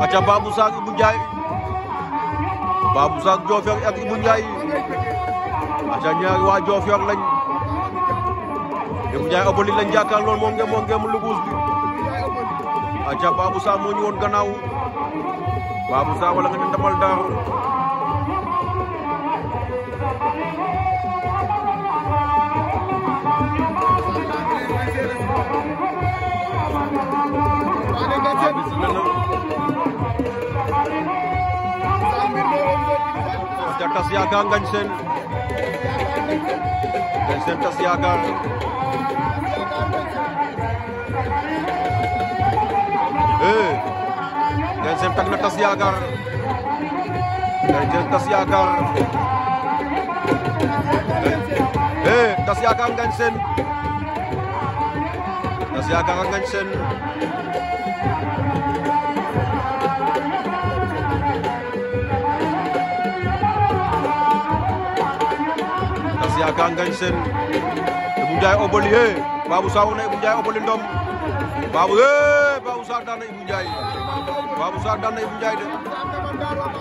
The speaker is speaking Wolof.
Macam babu sagu bunjai Babu sagu Sarr Diofior ak bunjai Macam aca ñaari waa Diofior lañ Ibou Ndiaye Obeuly lañ jàkkaar lugus bi aca Babou Sarr moo ñu gannaaw ja tas yaakaar ngañ seen ngañ seen tas yaakaar ee ngañ seen tak na tas yaakaar ngañ seen tas yaakaar ee tas yaakaar ngañ seen Das Jahr Garanganchen. Das bujai Garanganchen. Ibu Jaya Obolihe. Babu Sauna Ibu Jaya Obolindom. Babu eh Babu Sardana Ibu Jaya. Babu Sardana Ibu Jaya.